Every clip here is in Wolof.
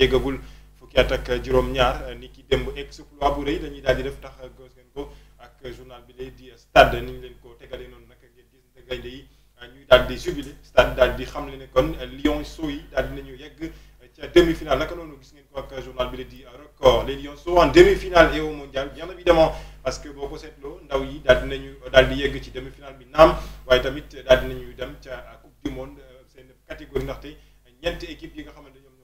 yéegagul fukki at ak ñaar ni ki démb exploit bu rëy dañuy daal di def tax gos ngeen ko ak journal bi lay di stade ni ñu leen ko tegalee noonu nag ngeen gis nga gaynde yi ñuy daal di jubilé stade daal di xam le ne kon Lionceaux yi daal di nañu yegg ca demi-finale naka noonu gis ngeen ko ak journal bi lay di record les Lionceaux en demi-finale et au mondial bien évidemment parce que boo ko seetloo ndaw yi daal di nañu ci demi-finale bi naam waaye tamit daal di nañu dem ca coupe du monde seen catégorie ndaxte ñeenti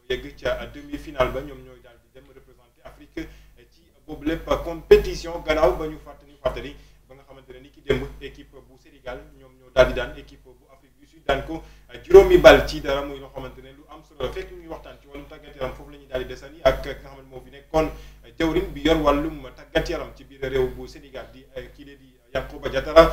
yegg ca demi-finale ba ñoom ñooy daal di dem représenter Afrique ci boobu lépp compétition gannaaw ba ñu fàttali ñu ba nga xamante ne ni ki démb équipe bu Sénégal ñoom ñoo daal di daan équipe bu Afrique du Sud daan ko juróomi bal ci dara muy loo xamante ne lu am solo fekk ñuy waxtaan ci wàllum tàggat yaram foofu la ñuy daal di desani ak ki nga xamante moo fi nekkoon jawrin bi yor wàllum tàggat yaram ci biir réew bu Sénégal di eh, kii de di Yankhoba Diattara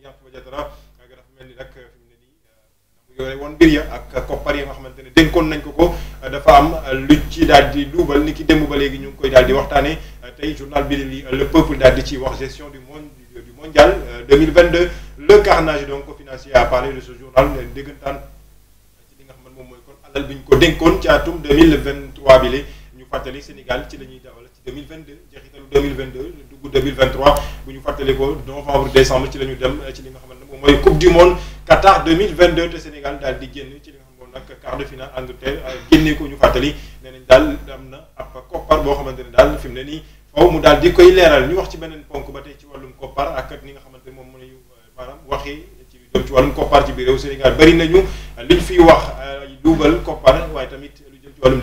Yankhoba Diattara nga dafa mel ni nag fi mu ne nii euh, mu yore woon mbir ak koppar yi nga xamante ne dénkoon nañ ko ko dafa am lu ci daal di luubal ni ki démb ba léegi ñu ngi koy daal di waxtaanee tey journal bi li le peuple daal di ci wax gestion du monde du mondial 2022 euh, le carnage donc financier a parlé de ce journal déggantaan ci li nga xam moom mooy kon alal bi ñu ko dénkoon ci atum 2023 bi li fàttali Sénégal ci la ñuy dawal ci 2022 jeexitalu 2022 dugg 2023 bu ñu fàttali ko novembre décembre ci la dem ci li nga xamante moom mooy coupe du monde Qatar te Sénégal daal di génn ci li nga xam ne nag quart de finale Angleterre euh, ko ñu fàttali nee nañ daal am na ab koppar boo xamante ne daal fi mu ne nii faw mu daal di koy leeral ñu wax ci beneen ponk ba tey ci wàllum koppar ak ni nga xamante ne moom mooy euh, maanaam waxi ci jëm ci ci biir euh, wax luubal koppar waaye tamit lu jëm ci wàllum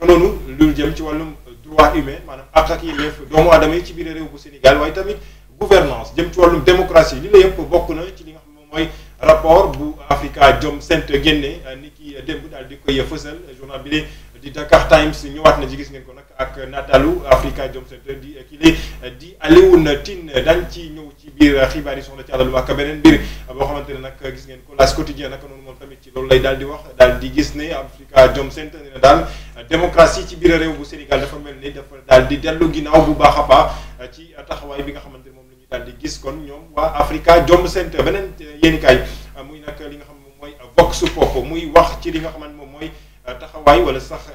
naka noonu lu jëm ci wàllum droit humain maanaam ak ak yelleef doomu aadama yi ci biir réew bu Sénégal waaye tamit gouvernance jëm ci wàllum démocratie li la yëpp bokk na ci li nga xam mooy rapport bu Africa Jom Center génne euh, ni ki démb daal di koy fësal journal bi di Dakar Times ñëwaat na ci gis ngeen ko nag ak natalu Africa Jom Center di kii di Alioune Tine dañ ci ñëw ci biir xibaar yi soxna ci àlalu ak beneen mbir boo xamante gis ngeen ko L'As Quotidien naka tamit ci loolu lay daal di wax daal di gis ne Afrikajom Center nee na daal démocratie ci biir réew bu Sénégal dafa mel ni dafa daal di dellu ginnaaw bu baax a baax ci taxawaay bi nga xamante ne moom la ñuy daal di gis kon ñoom waa Afrikajom Center beneen yéenikaay muy nag li nga xam moom mooy Vox muy wax ci li nga xamante moom mooy taxawaay wala sax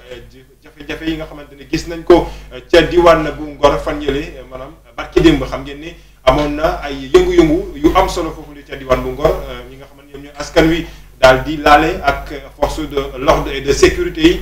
jafe-jafe yi nga xamante ne gis nañ ko ca diwaan bu Ngor fan yële maanaam barki démb xam ngeen ni amoon na ay yëngu-yëngu yu am solo foofu la ca diwaan bu Ngor ñi nga xamante ñoom askan wi daal di laale ak force de l'ordre et de sécurité yi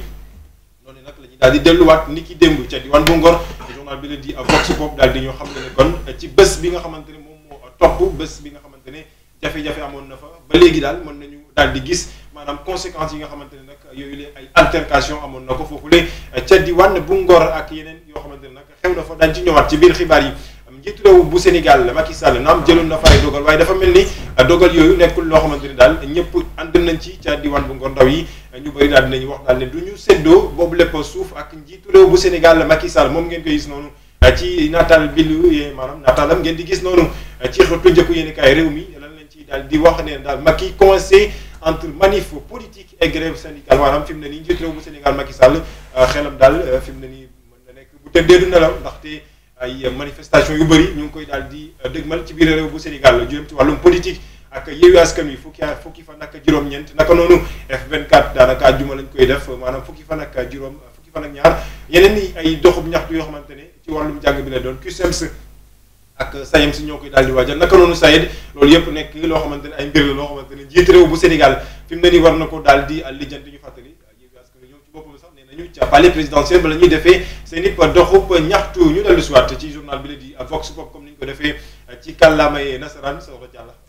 noonu nag la ñuy daal di delluwaat ni ki démb ca diwaan bu Ngor journal bi la di Vox Pop daal di ñoo xam ne kon ci bés bi nga xamante ne moom moo topp bés bi nga xamante ne jafe-jafe amoon na fa ba léegi daal mën nañu daal di gis maanaam conséquence yi nga xamante ne nag yooyu lee ay altercation amoon na ko foofu le ca diwaan bu Ngor ak yeneen yoo xamante ne nag xew na fa daañu ci ñëwaat ci biir xibaar yi njiitu réew bu Sénégal la Macky Sall naam jëloon na fay dogal waaye dafa mel ni euh, dogal yooyu nekkul loo xamante ni daal ñëpp ànd nañ ci ca diwaan bu Ngor Ndaw yi ñu bëri daal dinañ wax daal ne du ñu séddoo boobu lépp suuf ak njiitu réew bu Sénégal la Macky Sall moom ngeen koy gis noonu euh, ci naataal bi lu euh, maanaam naataalam ngeen di gis noonu ci xëtu njëkku yéen kaay réew mi lan lañ ci daal di wax ne daal Macky commencé entre manif politique et grève syndicale maanaam fi mu ne nii mu ne nii na nekk bu tëddee du ay manifestation yu bëri ñu ngi koy daal di euh, dëgmal ci biir réew bu Sénégal jëm ci wàllum politique ak Yewwi Askan Wi fukki fukki fan ak juróom-ñeent naka noonu F24 daanaka àjjuma lañ koy def maanaam fukki fa ak juróom fukki fan ak ñaar yeneen ni ay ñax ñaxtu yoo xamante ne ci wàllum jàng bi la doon CUSEMS e ak SAEMS ñoo koy daal di naka noonu SAED loolu yëpp nekk loo xamante ne ay mbir la loo xamante ne njiit réew bu Sénégal fi mu na ko daal di lijjanti ñu fàttali nañu ca palais présidentiel ba la ñuy defee seen i doxub ñaxtu ñu dellu si waat ci journal bi la di Vox Pop comme ni ñu ko defee ci kàllaamay nasaraan bi sa wax ci